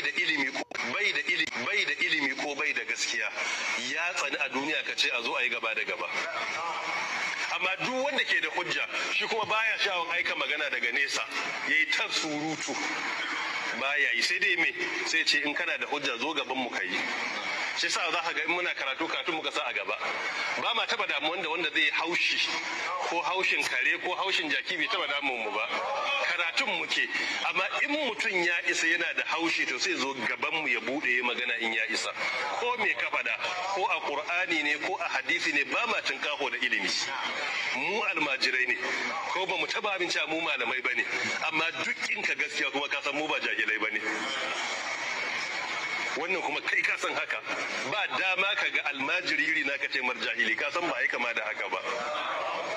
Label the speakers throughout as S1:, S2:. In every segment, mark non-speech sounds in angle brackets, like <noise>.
S1: bai da ilimi ko bai da ilimi bai da ilimi ko bai da gaskiya ya tsani a duniya ka ce a zo a yi gaba da gaba amma duk wanda ke da hujja shi kuma baya shawon aika magana daga nesa ya yi ta surutu baya yi sai dai me sai ce in kana da hujja zo gaban mu ka yi shi sa za ka ga in muna karatu karatu muka sa a gaba ba ma taba damu wanda wanda zai haushi ko haushin kare ko haushin jaki bai taba damun mu ba karatun muke amma in mutum ya isa yana da haushi to sai zo gaban mu ya bude magana in ya isa ko me ka fada ko a qur'ani ne ko a hadisi ne ba ma tun kaho da ilimi mu almajirai ne ko ba mu taba abinci mu malamai bane amma duk in ka gaskiya kuma ka san mu ba jahilai bane wannan kuma kai ka san haka ba dama ka ga almajiriri na ka ce marjahili ka san ba ya kama da haka ba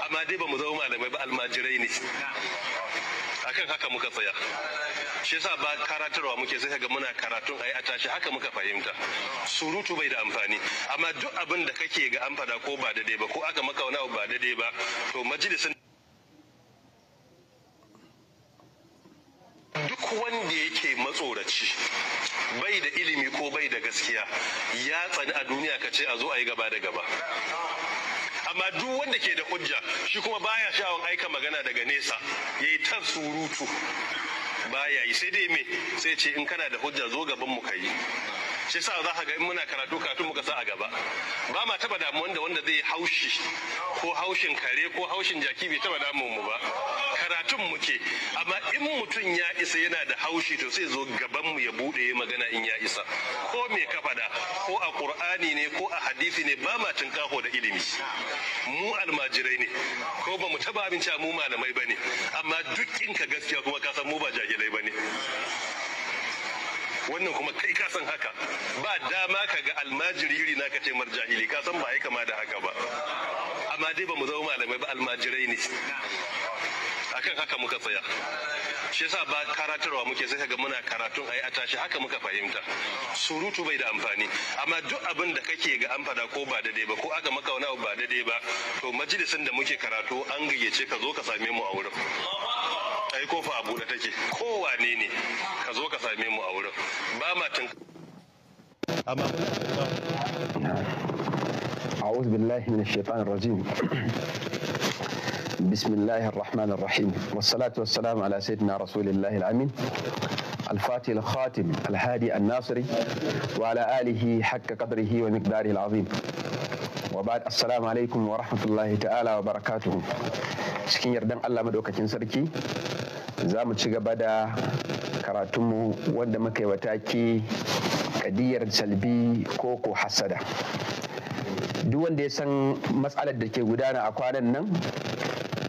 S1: amma dai ba mu zama malamai ba almajirai ne akan haka muka tsaya shi yasa ba karatarwa muke sai ga muna karatun ayi a tashi haka muka fahimta surutu bai da amfani amma duk abin da kake ga an fada ko ba daidai ba ko aka maka wani abu ba daidai ba to majalisin duk wanda yake matsoraci bai da ilimi ko bai da gaskiya ya tsani a duniya ka ce a zo a yi gaba da gaba amma duk wanda ke da hujja shi kuma baya sha'awar aika magana daga nesa ya yi ta surutu baya yi sai dai me sai ce in kana da hujja zo gaban mu ka yi shi sa za ka ga in muna karatu karatu muka sa a gaba ba ma taba damuwa da wanda zai haushi ko haushin kare ko haushin jaki bai taba damun mu ba karatun muke amma in mutum ya isa yana da haushi to sai zo gaban mu ya bude magana in ya isa ko me ka fada ko a qur'ani ne ko a hadisi ne ba ma tun kaho da ilimi mu almajirai ne ko ba mu taba abinci mu malamai bane amma duk in ka gaskiya kuma ka san mu ba jahilai bane wannan kuma kai ka san haka ba dama ka ga almajiri yuri na ka ce mar jahili ka san ba ya kama da haka ba amma dai ba mu zama malamai ba almajirai ne akan haka muka tsaya shi yasa ba karatarwa muke sai ga muna karatun ayi a tashi haka muka fahimta surutu bai da amfani amma duk abin da kake ga an fada ko ba daidai ba ko aka maka wani abu ba daidai ba to majalisin da muke karatu an gayyace ka zo ka same mu a wurin ai kofa a buɗe take kowane ne ka zo ka same mu a wurin ba ma tun
S2: amma أعوذ بالله من الشيطان الرجيم بسم الله الرحمن الرحيم والصلاة والسلام على سيدنا رسول الله الأمين الفاتح الخاتم الهادي الناصري وعلى آله حق قدره ومقداره العظيم وبعد السلام عليكم ورحمة الله تعالى وبركاته cikin yardan Allah madaukakin sarki za mu ci gaba da karatunmu wanda muka yi wataki kadiyar salbi ko ko hasada duk wanda ya san matsalar da ke gudana a kwanan nan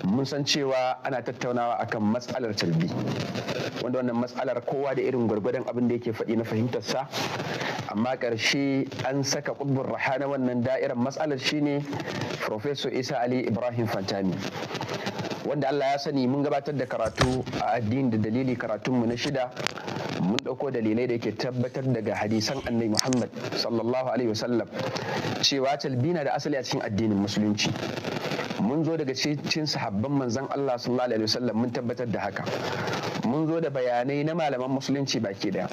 S2: mun san cewa ana tattaunawa akan matsalar tarbi wanda wannan matsalar kowa da irin gwargwadon abin da yake faɗi na fahimtar sa amma ƙarshe an saka ƙubbin rahana wannan da'irar matsalar shine Professor Isa Ali Ibrahim Fantami wanda Allah ya sani mun gabatar da karatu a addini da dalili karatunmu na shida mun ɗauko dalilai da ke tabbatar daga hadisan annabi Muhammad sallallahu alaihi wasallam cewa talbina da asali a cikin addinin musulunci mun zo daga cikin sahabban manzon Allah sallallahu alaihi wasallam mun tabbatar da haka mun zo da bayanai na malaman musulunci baki daya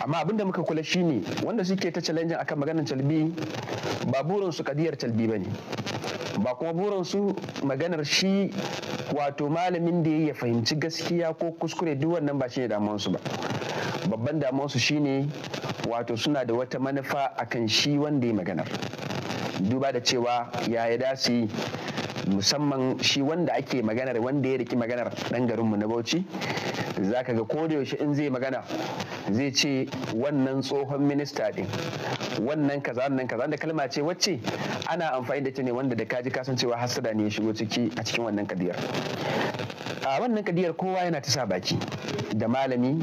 S2: amma abin da muka kula shine wanda suke ta challenge akan maganar calbi ba burin su kadiyar calbi bane ba kuma burin su maganar shi wato malamin da ya fahimci gaskiya ko kuskure duk wannan ba shine damuwansu ba babban su shine wato suna da wata manufa akan shi wanda ya maganar duba da cewa yaya da su musamman shi wanda ake maganar wanda ya riki maganar ɗan garinmu na bauchi zaka ga yaushe in zai magana zai ce wannan tsohon minista din wannan kaza wannan kaza da kalma ce wacce ana amfani da ta ne wanda da kaji kasancewa hasada ne ya shigo ciki a cikin wannan kadiyar a wannan kadiyar kowa yana ta sa baki da malami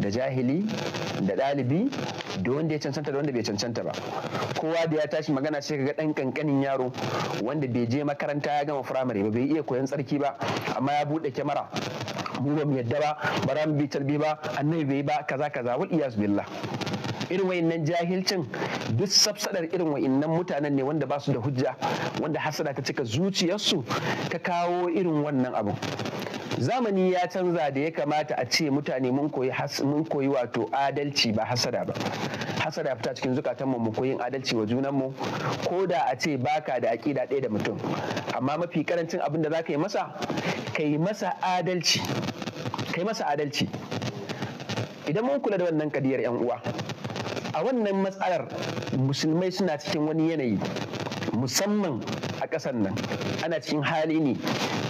S2: da jahili da ɗalibi da wanda ya cancanta da wanda bai cancanta ba kowa da ya tashi magana sai ga dan kankanin yaro wanda bai je makaranta ya gama firamare ba bai iya koyon tsarki ba amma ya bude kyamara mu ba mu yadda ba ba za mu bi tarbi ba annabi bai ba kaza kaza wal iyas billah irin wayannan jahilcin duk safsadar irin wayannan mutanen ne wanda ba su da hujja wanda hasada ta cika zuciyarsu ta kawo irin wannan abu zamani ya canza da ya kamata a ce mutane mun koyi mun koyi wato adalci ba hasada ba hasada fita cikin zukatan mu mu koyin adalci wa junan mu ko da a ce baka da aƙida ɗaya da mutum amma mafi karancin abin da zaka yi masa kai masa adalci kai masa adalci idan mun kula da wannan kadiyar yan uwa a wannan matsalar musulmai suna cikin wani yanayi musamman a ƙasar nan ana cikin hali ne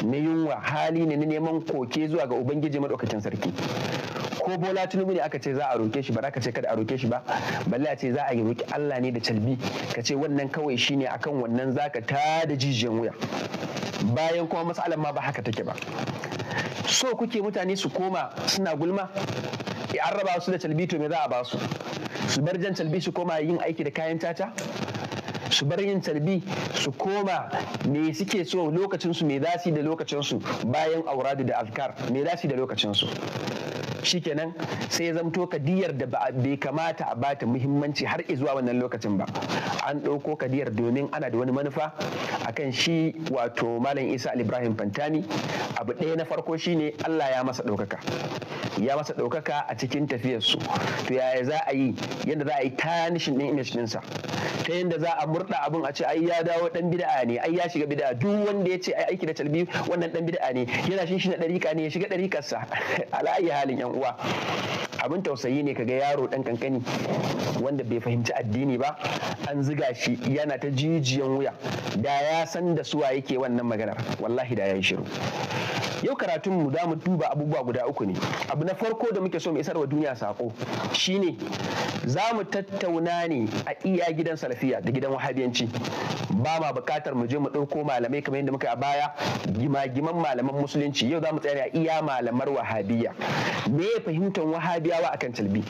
S2: na yunwa hali ne na neman koke zuwa ga ubangiji maɗaukacin sarki ko bola tinubu ne aka ce za a roke shi ba za ka ce kada a roke shi ba balle a ce za a roki allah ne da calbi ka ce wannan kawai shi shine akan wannan za ka ta da jijiyan wuya bayan kuma matsalar ma ba haka take ba so kuke mutane su koma suna gulma eh, an raba su da calbi to me za a ba su su bar jan calbi su koma yin aiki da kayan caca su bar yin tarbi su koma me suke so lokacin su me dasi da lokacin su bayan auradu da azkar me dasi da lokacin su shikenan sai ya zamto kadiyar da bai kamata a bata muhimmanci har zuwa wannan lokacin ba an ɗauko kadiyar domin ana da wani manufa akan shi wato malam isa ibrahim fantani abu ɗaya na farko shine allah ya masa ɗaukaka ya masa ɗaukaka a cikin tafiyarsu to yaya za a yi yadda za a yi tanishin ɗin image ɗinsa ta yadda za a murɗa abin a ce ai ya dawo ɗan bida'a ne ai ya shiga bid'a duk wanda ya ce ai aiki da talbi wannan ɗan bid'a ne yana shin shi na ɗarika ne ya shiga ɗarikarsa <laughs> ala'ayi halin yan uwa abin tausayi ne kaga yaro dan kankani wanda bai fahimci addini ba an ziga shi yana ta jijiyan wuya da ya san da suwa yake wannan maganar wallahi da ya yi shiru yau karatunmu za mu duba abubuwa guda uku ne abu na farko da muke so mu isar wa duniya sako shine za mu tattauna ne a iya gidan salafiya da gidan wahabiyanci ba ma bukatar mu je mu ɗauko malamai kamar yadda muka a baya gimagiman malaman musulunci yau za mu tsaya a iya malamar wahabiya me ya fahimtar wahabiyawa akan calbi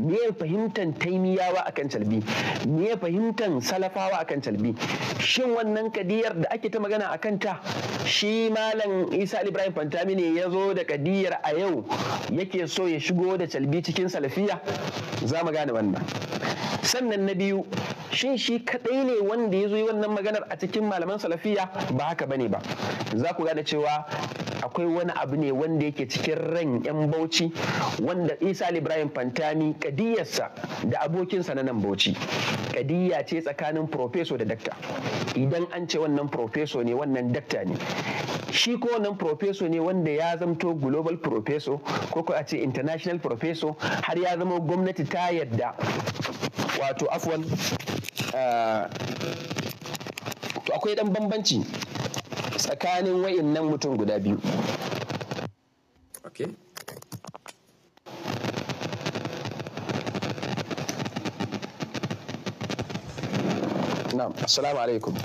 S2: me ya fahimtar taimiyawa akan calbi me ya fahimtar salafawa akan calbi shin wannan kadiyar da ake ta magana akan ta shi malam isa ibrahim fantami ne ya zo da kadiyar a yau yake so ya shigo da calbi cikin salafiya za mu gane wannan sannan na biyu shin shi kadai ne wanda ya zo yi wannan maganar a cikin malaman salafiya ba haka bane ba za ku gane cewa akwai wani abu ne wanda yake cikin ran yan bauchi wanda isa ibrahim fantami kadiyarsa da abokinsa na nan bauchi kadiyya ce tsakanin profeso da dakta idan an ce wannan profeso ne wannan dakta ne shi ko wannan profeso ne wanda ya zamto global profeso ko a ce international profeso har ya zama gwamnati ta yadda wato afwan eh, akwai dan bambanci tsakanin wa'innan mutum guda biyu na'am assalamu alaikum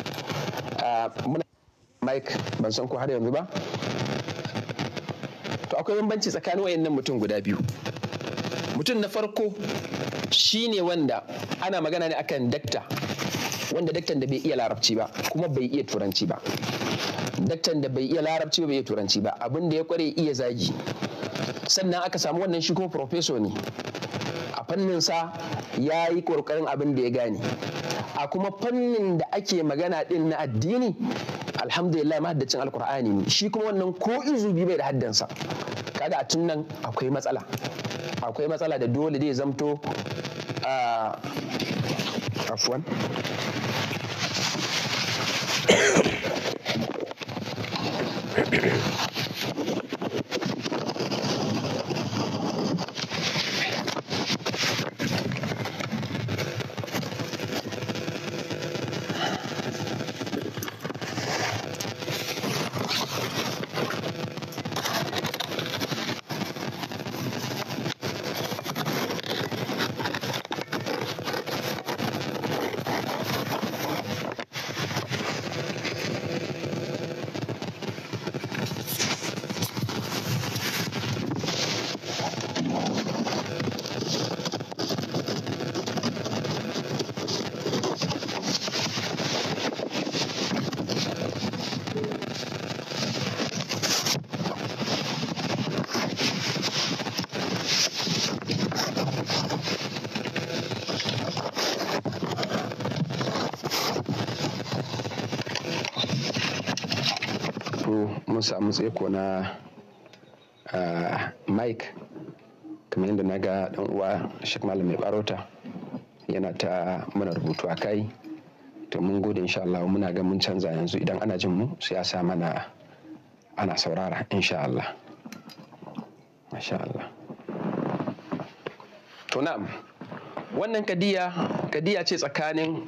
S2: ah, muna mike ban san ko har yanzu ba to akwai bambanci tsakanin wayannan mutum guda biyu mutum na farko shi ne wanda ana magana ne akan dakta wanda daktan da bai iya larabci ba kuma bai iya turanci ba daktan da bai iya larabci ba bai iya turanci ba abin da ya kware iya zagi sannan aka samu wannan shi ko profeso ne a fannin sa ya yi kokarin abin da ya gane a kuma fannin da ake magana din na addini alhamdulillah mahaddacin alkur'ani ne shi kuma wannan ko izubi bai da haddansa kada a tun nan akwai matsala akwai matsala da dole zai zamto a ah, afwan samu tseko na mike kamar yadda na ga dan uwa shek malam mai barota yana ta mana rubutu a kai to mun gode insha Allah muna ga mun canza yanzu idan ana jin mu sai ya sa mana ana saurara insha Allah masha Allah to na'am wannan kadiya kadiya ce tsakanin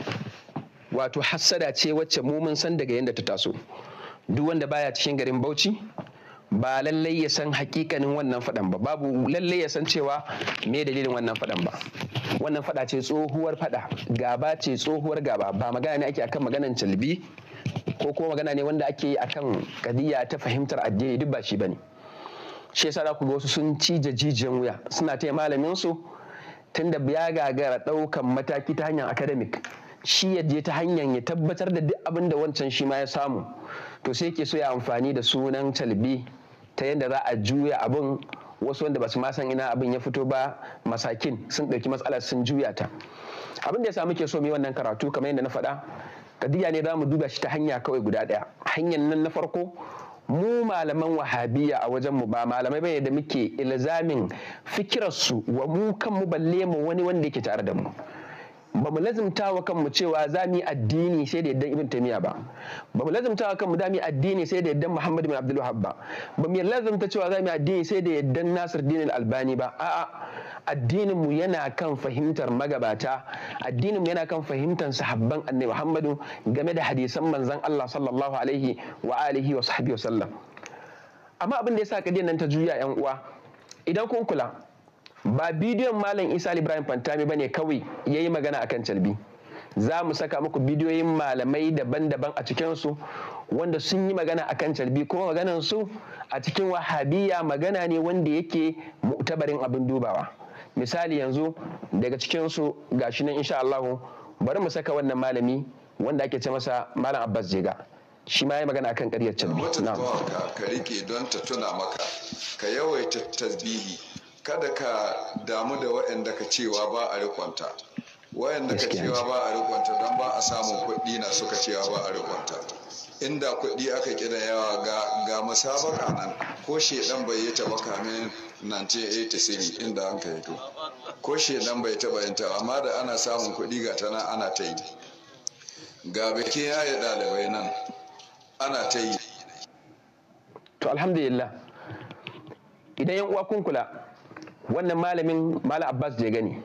S2: wato hassada ce wacce mu mun san daga yadda ta taso duk wanda baya cikin garin Bauchi ba lallai ya san hakikanin wannan fadan ba babu lallai ya san cewa me dalilin wannan fadan ba wannan fada ce tsohuwar fada gaba ce tsohuwar gaba ba magana ne ake akan maganan calbi ko kuma magana ne wanda ake yi akan kadiya ta fahimtar addini duk ba shi bane shi yasa ku wasu sun cije jijiyan wuya suna taya malamin su tunda ya gagara daukan mataki ta hanyar academic shi ya je ta hanyar ya tabbatar da duk abin da wancan shi ma ya samu to sai ke so ya amfani da sunan talbi ta yadda za a juya abin wasu wanda ba su ma san ina abin ya fito ba masakin sun ɗauki matsalar sun juya ta abin da ya samu ke so mai wannan karatu kamar yadda na faɗa kadiya ne za mu duba shi ta hanya kawai guda ɗaya hanyar nan na farko mu malaman wahabiya a wajen mu ba malamai bane da muke ilzamin fikirarsu wa mu kanmu balle mu wani wanda yake tare da mu ba mu lazimta wa kanmu cewa za mu yi addini sai da yaddan ibn taymiya ba ba mu lazimta wa kanmu za mu yi addini sai da yaddan muhammad bin abdul wahab ba ba mu lazimta cewa za mu yi addini sai da yaddan nasir din albani ba a'a addinin mu yana kan fahimtar magabata addinin mu yana kan fahimtar sahabban annabi muhammadu game da hadisan manzon Allah sallallahu alaihi wa alihi wa sahbihi wa sallam amma abin da yasa kadin nan ta juya yan uwa idan kun kula ba bidiyon malam isa ibrahim fantami bane kawai ya yi magana akan calbi za mu saka muku bidiyoyin malamai daban-daban a cikinsu wanda sun yi magana akan calbi kuma maganansu a cikin wahabiya magana ne wanda yake mu'tabarin abin dubawa misali yanzu daga cikinsu gashi nan insha Allah bari mu saka wannan malami wanda ake ce masa malam abbas jega shi ma ya magana akan ƙaryar calbi. Wata ka
S3: rike don ta tuna maka ka yawaita tasbihi kada ka damu da waɗanda ka cewa ba a rikonta waɗanda ka cewa ba a rikonta don ba a samun kuɗi na suka cewa ba a rikonta inda kuɗi aka kira yawa ga, ga musabaka nan ko shedan bai yi taba kamin 1983 inda an ka to. ko shedan bai taɓa yin ta amma da ana samun kuɗi ga tana ana ta yi ga biki yi ɗalibai nan ana ta yi to
S2: alhamdulillah idan yan uwa kun kula wannan malamin malam abbas je gani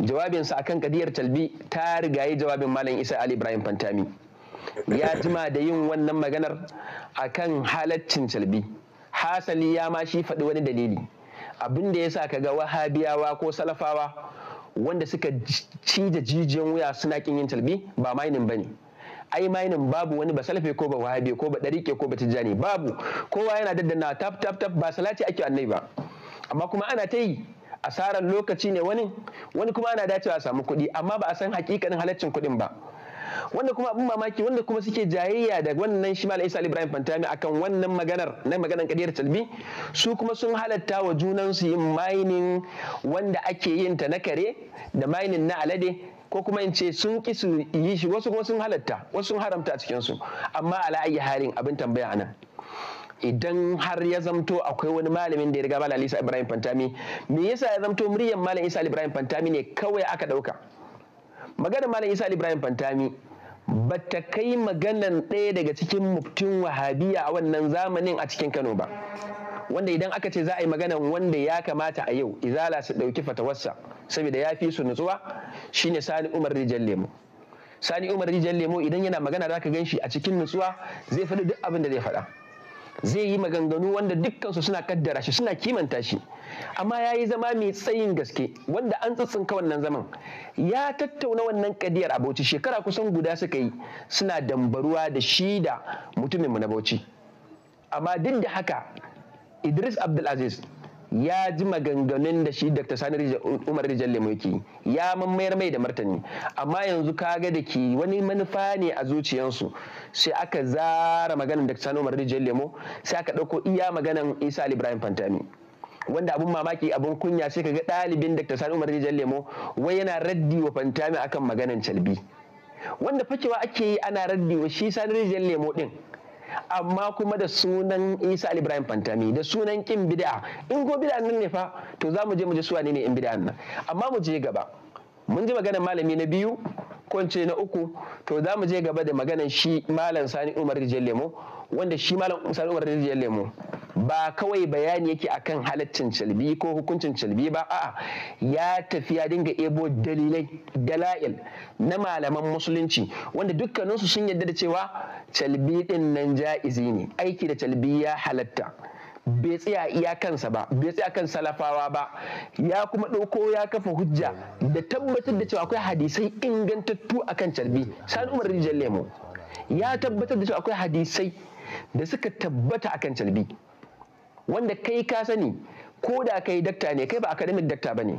S2: jawabinsa akan kadiyar talbi ta rigayi jawabin malam isa ali ibrahim fantami ya jima da yin wannan maganar akan halaccin talbi hasali ya ma shi faɗi wani dalili Abinda ya sa ka ga wahabiyawa ko salafawa wanda suka cije jijiyan wuya suna kin yin talbi ba mainin bane ai mainin babu wani ba salafe ko ba wahabi ko ba dariƙe ko ba tijjani babu kowa yana daddana tap tap tap ba salati ake annabi ba amma kuma ana ta yi asarar lokaci ne wani wani kuma ana dacewa a samu kuɗi amma ba a san hakikanin halaccin kuɗin ba wanda kuma abin mamaki wanda kuma suke jayayya da wannan shi malam Isa Ibrahim Fantami akan wannan maganar na maganar kadiyar talbi su kuma sun halatta wa junan su yin mining wanda ake yin ta na kare da mining na alade ko kuma in ce sun ki su yi shi wasu kuma sun halatta wasu sun haramta a cikin su amma ala halin abin tambaya anan idan har ya zamto akwai wani malamin da ya riga malam isa ibrahim fantami me yasa ya zamto muryar malam isa ibrahim fantami ne kawai aka dauka maganar malam isa ibrahim fantami ba ta kai maganan ɗaya daga cikin muftin wahabiya a wannan zamanin a cikin kano ba wanda idan aka ce za a yi magana wanda ya kamata a yau izala su ɗauki fatawarsa saboda ya fi su nutsuwa shine sani umar rijal lemo sani umar rijal lemo idan yana magana za ka gan shi a cikin nutsuwa zai faɗi duk abin da zai faɗa zai yi maganganu wanda dukkansu suna kaddara shi suna kimanta shi amma ya yi zama mai tsayin gaske wanda an tsitsinka wannan zaman ya tattauna wannan kadiyar a shekara kusan guda suka yi suna dambaruwa da shi da mutuminmu na bauchi amma duk da haka idris abdulaziz ya ji maganganun da shi Dr. Sani Umar Rijalle yake ya mammayar mai da martani amma yanzu kaga da ke wani manufa ne a zuciyarsu, sai aka zara maganan Dr. Sani Umar lemo, sai aka ɗauko iya maganan Isa Ibrahim Fantami wanda abun mamaki abun kunya sai ka ga ɗalibin Dr. Sani Umar lemo wai yana raddi wa Fantami akan maganan Calbi wanda fakewa ake yi ana raddi wa shi Sani lemo din amma kuma da sunan isa ibrahim fantami da sunan kin bid'a in ko bid'a nan ne fa to za mu je mu ji suwa ne ne in bid'a nan amma mu je gaba mun ji maganar malami na biyu ko na uku to za mu je gaba da maganar shi malam sani umar rijiyar lemo wanda shi malam sani umar rijiyar lemo ba kawai bayani yake akan halaccin calbi ko hukuncin calbi ba a'a ya tafi ya dinga ebo dalilai dala'il na malaman musulunci wanda dukkaninsu sun yadda da cewa calbi din nan ja'izi ne aiki da calbi ya halatta bai tsaya iya kansa ba bai tsaya kan salafawa ba ya kuma ɗauko ya kafa hujja da tabbatar da cewa akwai hadisai ingantattu akan calbi sani umar rijal lemo ya tabbatar da cewa akwai hadisai da suka tabbata akan calbi wanda kai ka sani ko da kai dakta ne kai ba academic dakta ba ne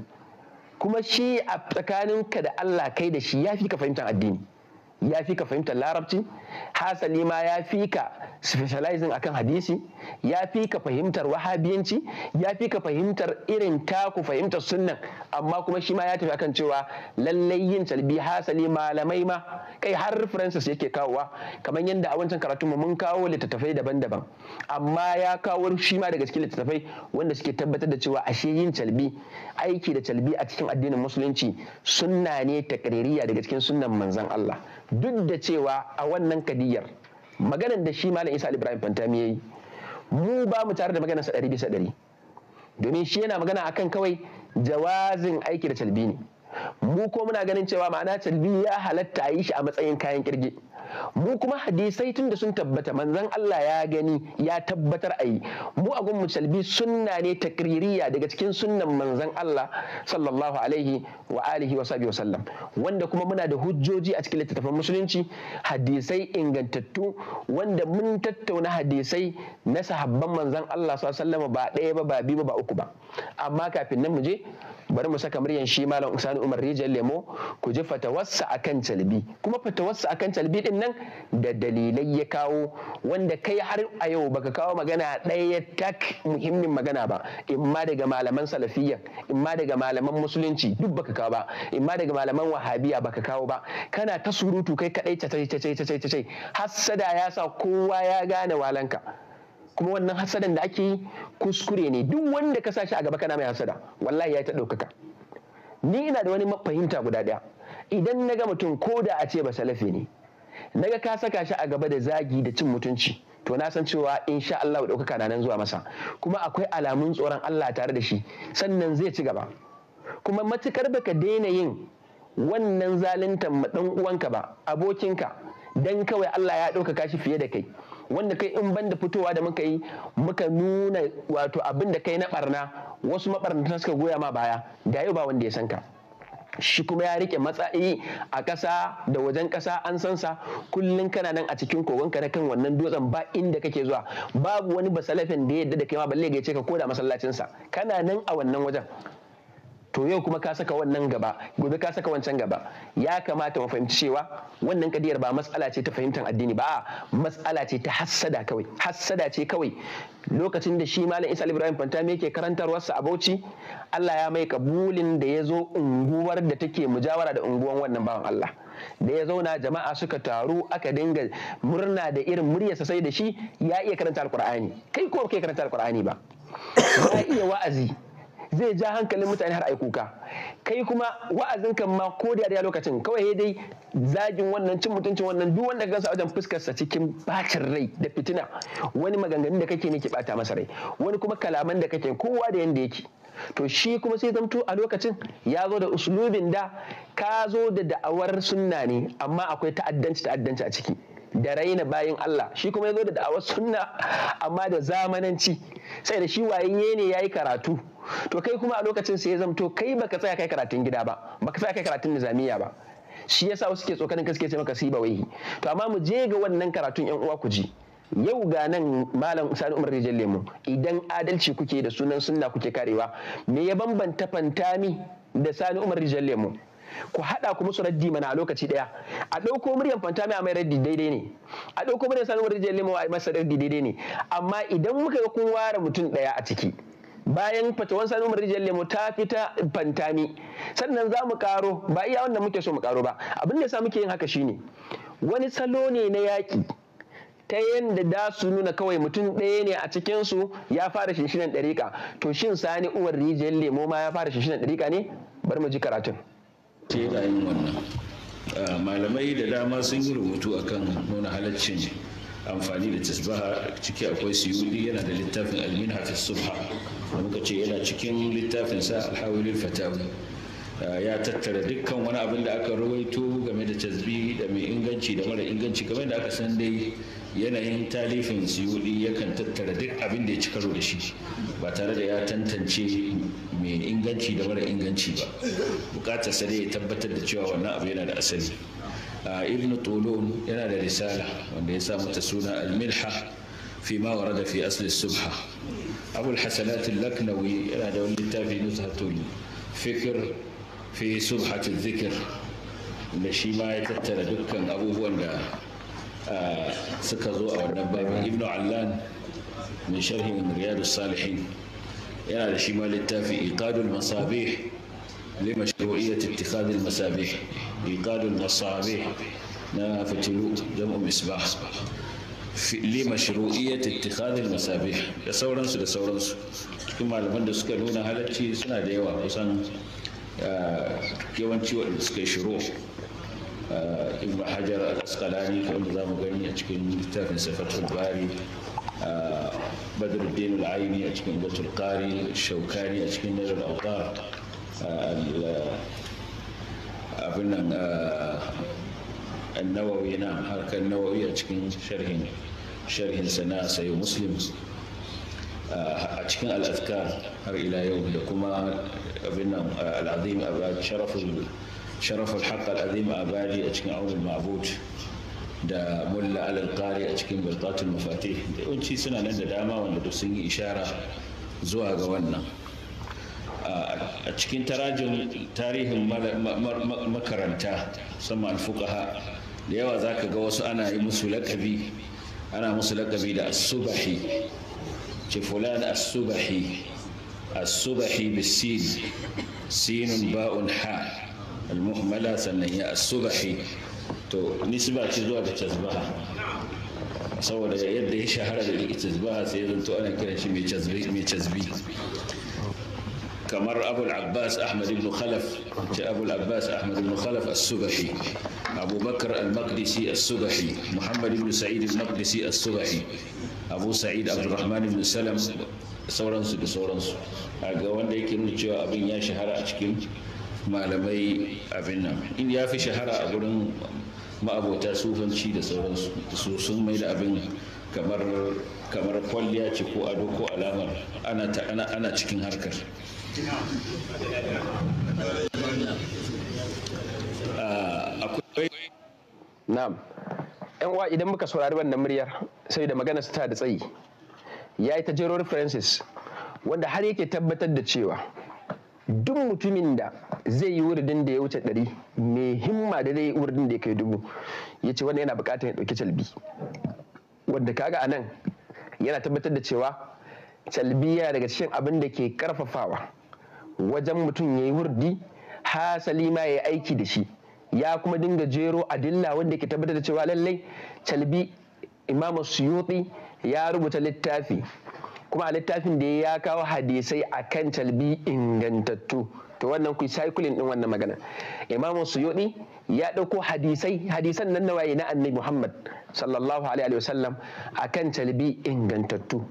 S2: kuma shi a tsakaninka da allah kai da shi ya fi ka fahimtar addini ya fi ka fahimtar larabci hasali ma ya fi ka specializing akan hadisi ya fi ka fahimtar wahabiyanci ya fi ka fahimtar irin taku fahimtar sunnan amma kuma shi ma ya tafi akan cewa lallai yin talbi hasali malamai ma kai har francis yake kawowa kamar yadda a wancan karatunmu mun kawo littattafai daban-daban amma ya kawo shi ma daga cikin littattafai wanda suke tabbatar da cewa ashe yin talbi aiki da talbi a cikin addinin musulunci sunna ne takririya daga cikin sunnan manzon Allah duk da cewa a wannan kadiyar maganar da shi malam isa ibrahim fantami ya yi mu ba mu tare da maganar sa ɗari bisa ɗari domin shi yana magana akan kawai jawazin aiki da calbi ne mu ko muna ganin cewa ma'ana calbi ya halatta a yi shi a matsayin kayan kirge mu kuma hadisai tun da sun tabbata manzan Allah ya gani ya tabbatar a yi mu a gunmu salbi sunna ne takririya daga cikin sunnan manzan Allah sallallahu alaihi wa alihi wa wa sallam wanda kuma muna da hujjoji a cikin littattafan musulunci hadisai ingantattu wanda mun tattauna hadisai na sahabban manzan Allah sallallahu alaihi wa sallam ba ɗaya ba ba biyu ba uku ba amma kafin nan mu je bari mu saka muryan shi malam Usman Umar Rijal Lemo ku ji fatawarsa akan talbi kuma fatawarsa akan talbi din nan da dalilai ya kawo wanda kai har a yau baka kawo magana ɗaya tak muhimmin magana ba imma daga malaman salafiyya imma daga malaman musulunci duk baka kawo ba imma daga malaman wahabiya baka kawo ba kana ta surutu kai kadai ta ta ta ta hassada ya sa kowa ya gane walanka kuma wannan hasadan da ake yi kuskure ne duk wanda ka shi a gaba kana mai hasada wallahi ya ta ɗaukaka ni ina da wani mafahimta guda ɗaya idan na ga mutum ko da a ce ba salafi ne naga ka saka shi a gaba da zagi da cin mutunci to na san cewa insha Allah ɗaukaka na nan zuwa masa kuma akwai alamun tsoron Allah tare da shi sannan zai ci gaba kuma matukar baka daina yin wannan zalintan ma dan uwanka ba abokinka dan kawai Allah ya ɗaukaka shi fiye da kai wanda kai in banda fitowa da muka yi muka nuna wato abin da kai na barna wasu mabarnata suka goya ma baya da yau ba wanda ya san ka shi kuma ya rike matsayi a ƙasa da wajen ƙasa an san sa kullun kana nan a cikin kogonka na kan wannan dutsen ba inda kake zuwa babu wani basalafin da ya yadda da kai ma balle ga ce ka koda masallacin sa kana nan a wannan wajen to yau kuma ka saka wannan gaba gobe ka saka wancan gaba ya kamata mu fahimci cewa wannan kadiyar ba matsala ce ta fahimtar addini ba matsala ce ta hassada kawai hassada ce kawai lokacin da shi malam Isa Ibrahim Fanta me yake karantarwarsa a Bauchi Allah ya mai kabulin da ya zo unguwar da take mujawara da unguwan wannan bawan Allah da ya zauna jama'a suka taru aka dinga murna da irin muryarsa sai da shi ya iya karanta alkur'ani kai ko kai karanta alkur'ani ba ya iya wa'azi zai ja hankalin mutane har ai kuka kai kuma wa'azin kan ma ko da ya lokacin kawai dai zagin wannan cin mutuncin wannan duk wanda gansa a wajen fuskarsa cikin bacin rai da fitina wani maganganun da kake ne ki bata masa rai wani kuma kalaman da kake kowa da yanda yake to shi kuma sai zamto a lokacin ya zo da uslubin da ka zo da da'awar sunna ne amma akwai ta'addanci ta'addanci a ciki da raina bayan Allah shi kuma ya zo da da'awar sunna amma da zamananci sai da shi waye ne ya yi karatu to kai kuma a lokacin sai ya zamto kai baka tsaya kai karatun gida ba baka tsaya kai karatun nizamiya ba shi yasa wasu ke tsokanin kaske ce maka siba wai to amma mu je ga wannan karatun yan uwa ku ji yau ga nan malam sani umar rijal lemu idan adalci kuke da sunan sunna kuke karewa me ya bambanta fantami da sani umar rijal lemu ku haɗa kuma musu raddi mana a lokaci daya a ɗauko muryan fanta mai mai raddi daidai ne a dauko muryan sanu rijiyar limo a masa raddi daidai ne amma idan muka ga kun ware mutum ɗaya a ciki bayan fatawan sanu rijiyar limo ta fita fantami sannan za mu karo ba iya wanda muke so mu karo ba abin da sa muke yin haka shine wani salo ne na yaki ta yadda da su nuna kawai mutum ɗaya ne a cikinsu ya fara shinshinan ɗariƙa to shin sani uwar rijiyar lemo ma ya fara shinshinan ɗariƙa ne
S3: Bar mu ji karatun yana yin wannan ah, malamai da dama sun yi rubutu akan nuna halaccin amfani da tasbaha ciki akwai suyudi yana da littafin almin hafiz subha da muka ce yana cikin littafin sa alhawilul fatawi ah, ya tattara dukkan wani abin da aka rawaito game da tasbihi da mai inganci da mara inganci game da aka san dai yanayin talifin siyudi yakan tattara duk abin da ya ci karo da shi ba tare da ya tantance mai inganci da mara inganci ba bukatar sa ya tabbatar da cewa wannan abu yana da asali ibn tulun yana da risala wanda ya samu ta suna al-milha fi ma da fi asli subha abul hasanat laknawi yana da wani littafi nuzhatul fikr fi subhatul zikir da shi ma ya tattara dukkan abubuwan da suka zo a wannan babin ibnu allan min sharhin riyadu salihin yana da shi ma littafi iqadul masabih لمشروعية اتخاذ المسابيح إيقاد المصابيح نافتلو جمع مصباح لمشروعية اتخاذ المسابيح da sauransu da sauransu kuma malaman da suka nuna halacci suna da yawa kusan yawanci waɗanda suka shiro ibn hajar al-asqalani kamar za mu gani a cikin littafin safatul bari badruddin al-aini a cikin batul qari shaukani a cikin nazar awtar abin nan annawawi na harkar nawawi a cikin sharhin sharhin sana sayo muslim a cikin al'adkar har ila yau da kuma شرف الحق العظيم أبادي أشكن أول المعبود دا ملا على القاري اشكي بلطات المفاتيح وإن سنة لنا داما وإن دوسيني إشارة زوا غوانا اشكي تراجم تاريخ مكرنتا سمع الفقهاء ليوا ذاك غوص أنا مسلك بي أنا مسلك بي دا الصبحي فلان الصبحي الصبحي بالسين سين باء حاء المهملة سنية الصبحي تو نسبة تزوى تتزبها سوى يدي شهر تزبها سيدن تو أنا كده شيء متزبي متزبي كمر أبو العباس أحمد بن خلف أبو العباس أحمد بن خلف الصبحي أبو بكر المقدسي الصبحي محمد بن سعيد المقدسي الصبحي أبو سعيد عبد الرحمن بن سلم سورانس بسورانس أجوان ديكين جوا أبين يا شهر أشكيم malamai abin nan inda ya fi shahara a gurin ma'abota sufanci da sauransu su sun mai da abin kamar kamar kwalliya ce ko ado ko alamar ana cikin harkar ah, na'am
S2: yan wa idan muka saurari wannan muryar sai da magana ta da tsayi ya yi ta jero references wanda har yake tabbatar da cewa duk mutumin da zai yi wurdin da ya wuce ɗari mai himma da zai yi wurdin da ya kai dubu ya ce wanda yana buƙatar ya ɗauki calbi wanda kaga a nan yana tabbatar da cewa calbi yana daga cikin abin da ke karfafawa wajen mutum ya yi wurdi hasali ma ya yi aiki da shi ya kuma dinga jero adilla wanda ke tabbatar da cewa lallai calbi imamu suyuti ya rubuta littafi kuma a littafin da ya kawo hadisai akan talbi ingantattu to wannan ku cycling din wannan magana imam suyudi ya dauko hadisai hadisan nan nawaye na annabi muhammad sallallahu alaihi wasallam akan talbi ingantattu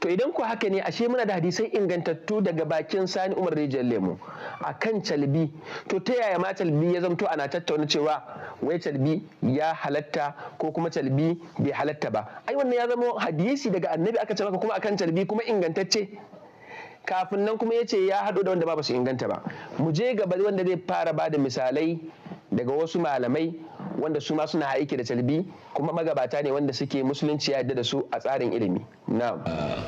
S2: to idan ku haka ne ashe muna da hadisai ingantattu daga bakin sani umar rijiyar lemu a kan calbi to ta yaya ma calbi ya zamto ana tattauna cewa wai calbi ya halatta ko kuma calbi bai halatta ba ai wannan ya zama hadisi daga annabi aka ce maka kuma akan calbi kuma ingantacce kafin nan kuma ya ce ya haɗu da wanda ba su inganta ba mu je gaba wanda zai fara ba da misalai daga wasu malamai wanda su ma suna aiki da calbi kuma magabata ne wanda suke musulunci ya yarda da su a tsarin ilimi نعم
S3: آه،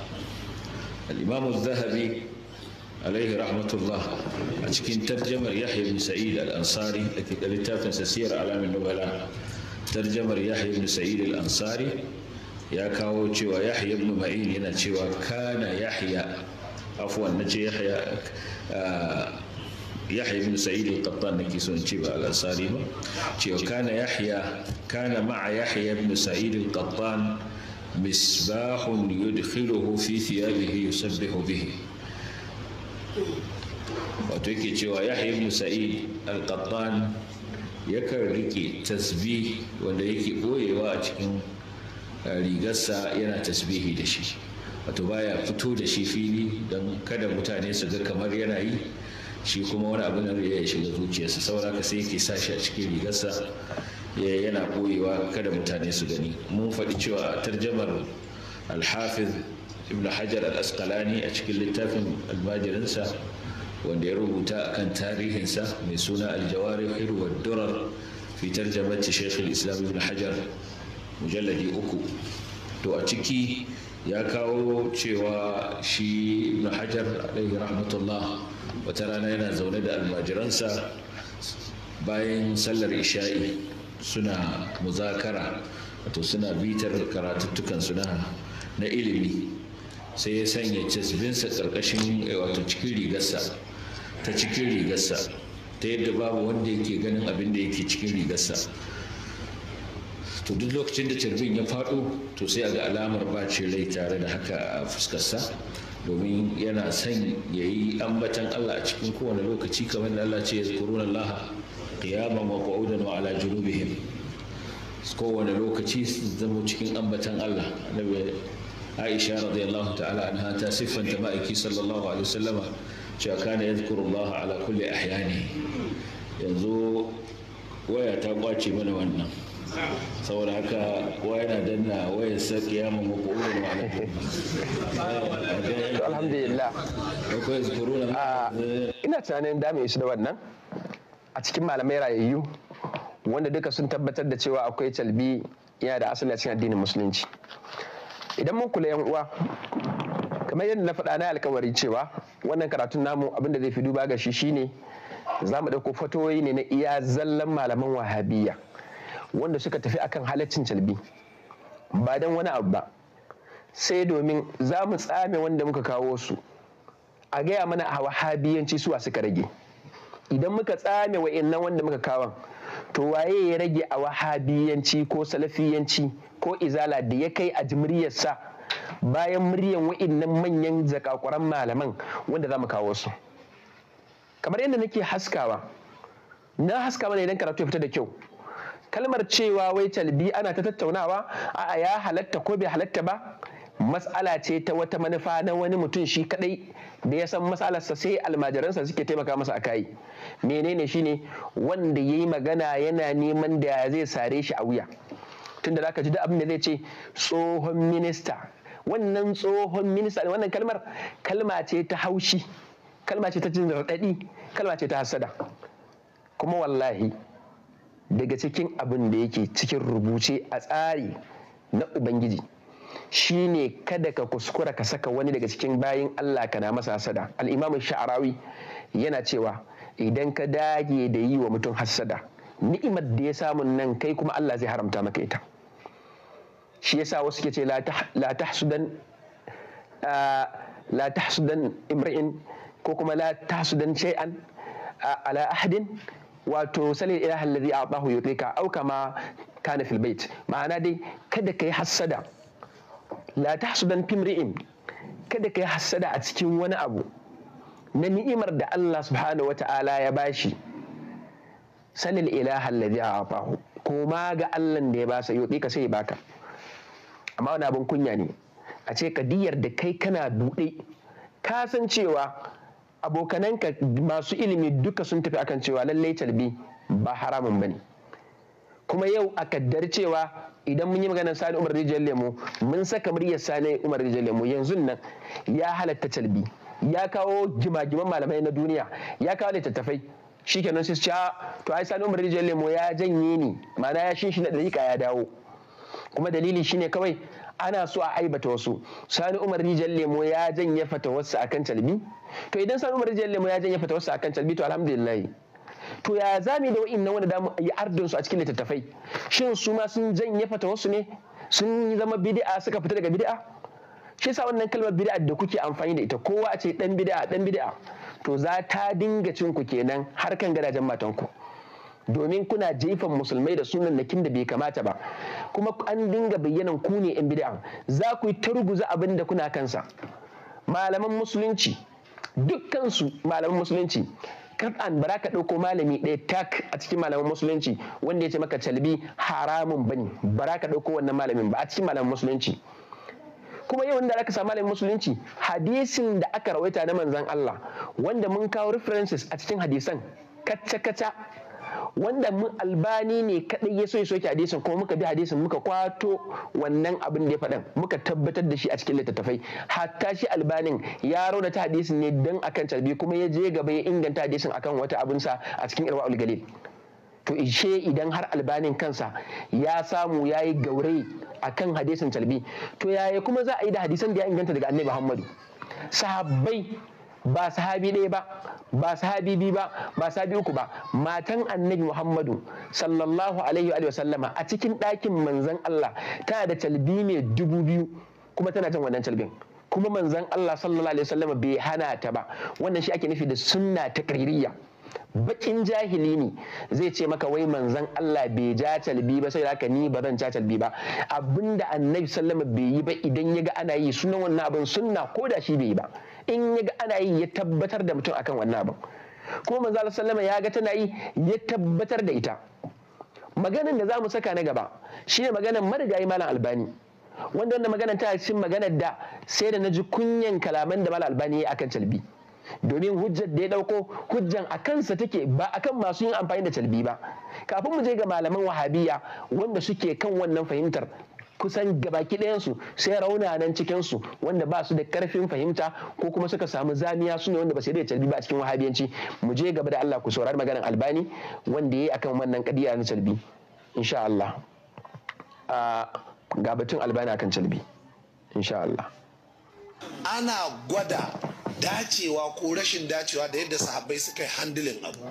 S3: الإمام الذهبي عليه رحمة الله أتكين ترجمة يحيى بن سعيد الأنصاري التي تافن سير أعلام النبلاء ترجمة يحيى بن سعيد الأنصاري يا كاو تشوى يحيى بن معين هنا تشوى كان يحيى عفوا نجي يحيى آه، يحيى بن سعيد القطان نكي سون على الأنصاري تشوى كان يحيى كان مع يحيى بن سعيد القطان مصباح يدخله في ثيابه يسبح به wato yake cewa yahya ibn sa'id al-qattan yakan riƙe tasbi wanda yake boyewa a cikin eh, rigarsa yana tasbihi da shi wato baya fito da shi fili don kada mutane su ga kamar yanayi shi kuma wani abin da ya shiga zuciyarsa saboda haka sai yake sa shi a cikin rigarsa yana boyewa kada mutane su gani mun faɗi cewa tarjamar alhafiz ibn hajar al-asqalani a cikin littafin almajirinsa wanda ya rubuta akan tarihinsa mai suna aljawari wa durar fi tarjamati shaykh islam ibn hajar mujalladi uku to a ciki ya kawo cewa shi ibn hajar alaihi rahmatullah wata rana yana zaune da almajiransa bayan sallar isha'i suna muzakara wato suna bitar karatuttukan suna na ilimi sai ya sanya casbinsa karkashin eh, wato cikin rigarsa ta cikin rigarsa ta yadda babu wanda yake ganin abin da yake cikin rigarsa to duk lokacin da cirbin ya faɗo to sai a ga alamar bacin rai tare da haka a fuskarsa domin yana son ya yi ambatan Allah a cikin kowane lokaci kamar da Allah ce ya zikuru Allah qiyaman wa qu'udan wa ala junubihim kowane lokaci su zama cikin ambatan Allah annabi Aisha radiyallahu ta'ala anha ta siffanta ma'aiki sallallahu alaihi wasallama cewa kana yadhkurullah ala kulli ahyani yanzu waya ta kwace mana wannan saboda haka wa yana danna wayar sa kiyama muku urin wa alhamdulillah alhamdulillah ina tunanin da mai isu da wannan
S2: a cikin malamai rayayyu wanda duka sun tabbatar da cewa akwai calbi yana da asali a cikin addinin musulunci idan mun kula yan uwa kamar yadda na faɗa na alkawari cewa wannan karatun namu abinda zai fi duba ga shi shine za mu ɗauko fatoyi ne na iya zallan malaman wahabiyya wanda suka tafi akan halaccin calbi ba don wani abu ba sai domin za mu tsame wanda muka kawo su a gaya mana a wahabiyanci suwa suka rage idan muka tsame wa'annan wanda muka kawan to waye ya rage a wahabiyanci ko salafiyanci ko izala da ya kai a jimriyarsa bayan muryan wa'annan manyan zakakuran malaman wanda za mu kawo su kamar yadda nake haskawa na haskawa ne idan karatu ya fita da kyau kalmar cewa wai talbi ana ta tattaunawa a'a ya halatta ko bai halatta ba Matsala ce ta wata manufa na wani mutum shi kadai da ya san matsalarsa sai almajiransa suke taimaka masa a kai menene shine wanda ya yi magana yana neman da ya zai sare shi a wuya tunda zaka ji da abin da zai ce tsohon minista wannan tsohon minista wannan kalmar kalma ce ta haushi kalma ce ta jin raɗaɗi kalma ce ta hasada kuma wallahi daga cikin abin da yake cikin rubuce a tsari na ubangiji shine kada ka kuskura ka saka wani daga cikin bayin Allah kana masa hasada Al'imamin imamu sha'rawi yana cewa idan ka dage da yi wa mutum hasada ni'imar da ya samu nan kai kuma Allah zai haramta maka ita shi yasa wasu ke ce la tahsudan la tahsudan imri'in ko kuma la tahsudan shay'an ala ahadin wato salil ilaha alladhi a'tahu yutika au kama kana fil bait ma'ana dai kada ka yi hassada la hasudan fimri'in kada ka yi hassada a cikin wani abu na ni'imar da Allah subhanahu wata'ala ya bashi sanil ilaha alladhi a'tahu ma ga Allah da ya basa yobe ka sai baka amma wani abin kunya ne a ce ka diyar da kai kana buɗe ka san cewa abokananka masu ilimi duka sun tafi akan cewa lallai talbi ba haramun bane kuma yau a kaddar cewa idan mun yi maganar sani umar rijiyar lemu mun saka muryar sani umar rijiyar lemu yanzu nan ya halatta calbi ya kawo gima-giman malamai na duniya ya kawo littattafai ke nan su ah, to ai sani umar rijiyar lemu ya janye ni ma'ana ya shi na dariƙa ya dawo kuma dalili shine kawai ana so a aibata wasu sani umar rijiyar lemo ya janye wasu akan calbi to idan sani umar rijiyar lemo ya janye wasu akan calbi to alhamdulillah to ya zami da wa'in wanda da yi ardin a cikin littattafai shin su ma sun janye wasu ne sun zama bid'a suka fita daga bid'a shi yasa wannan kalmar bid'a da kuke amfani da ita kowa a ce dan bid'a dan bid'a to za ta dinga cin ku kenan har kan gadajen matan ku domin kuna jefan musulmai da sunan nakin da bai kamata ba kuma an dinga bayyanan ku ne yan bid'a za ku yi turguza abin da kuna kansa malaman musulunci dukkansu malaman musulunci kar'an ba za ka ɗauko malami ɗaya tak a cikin malaman musulunci wanda ya ce maka calbi haramun bane ba za ka ɗauko wannan malamin ba a cikin malaman musulunci kuma yau za ka samu malamin musulunci hadisin da aka rawaita na manzan Allah wanda mun kawo references a cikin hadisan kacca-kacca wanda mun albani ne kadai ya so ya soke hadisin kuma muka bi hadisin muka kwato wannan abin da ya faɗan muka tabbatar da shi a cikin littattafai hatta shi albanin ya raunata hadisin ne dan akan tarbi kuma ya je gaba ya inganta hadisin akan wata abin sa a cikin irwa'ul galil to ishe idan har albanin kansa ya samu ya yi gaure a kan hadisin calbi to yaya kuma za a yi da hadisan da ya inganta daga annabi muhammadu sahabbai ba sahabi ɗaya ba ba sahabi biyu ba ba sahabi uku ba matan annabi muhammadu sallallahu alaihi wa sallama a cikin ɗakin manzan allah tana da calbi mai dubu biyu kuma tana jan wannan calbin kuma manzan allah sallallahu alaihi wa sallama bai hana ta ba wannan shi ake nufi da sunna ta ƙaririya bakin jahili ne zai ce maka wai manzan Allah bai ja calbi ba sai haka ni ba zan ja calbi ba abinda annabi sallama bai yi ba idan ya ga ana yi sunan wannan abin sunna ko da shi bai yi ba in ya ga ana yi ya tabbatar da mutum akan wannan abin kuma manzo sallama ya ga tana yi ya tabbatar da ita maganin da zamu saka na gaba shine maganar marigayi malam albani wanda wannan maganar ta cikin maganar da sai da na ji kunyan kalaman da malam albani ya akan calbi domin hujjar da ya dauko hujjan a kansa take ba akan masu yin amfani da calbi ba kafin mu je ga malaman wahabiya wanda suke kan wannan fahimtar kusan gabaki ɗayansu sai raunanan cikinsu wanda ba su da karfin fahimta ko kuma suka samu zamiya su ne wanda ba su da calbi ba a cikin wahabiyanci mu je gaba da Allah ku saurari maganar albani wanda ya yi akan wannan kadiya na calbi insha Allah ga batun albani akan calbi insha Allah
S1: ana gwada dacewa ko rashin dacewa da yadda sahabbai suka yi handilin abu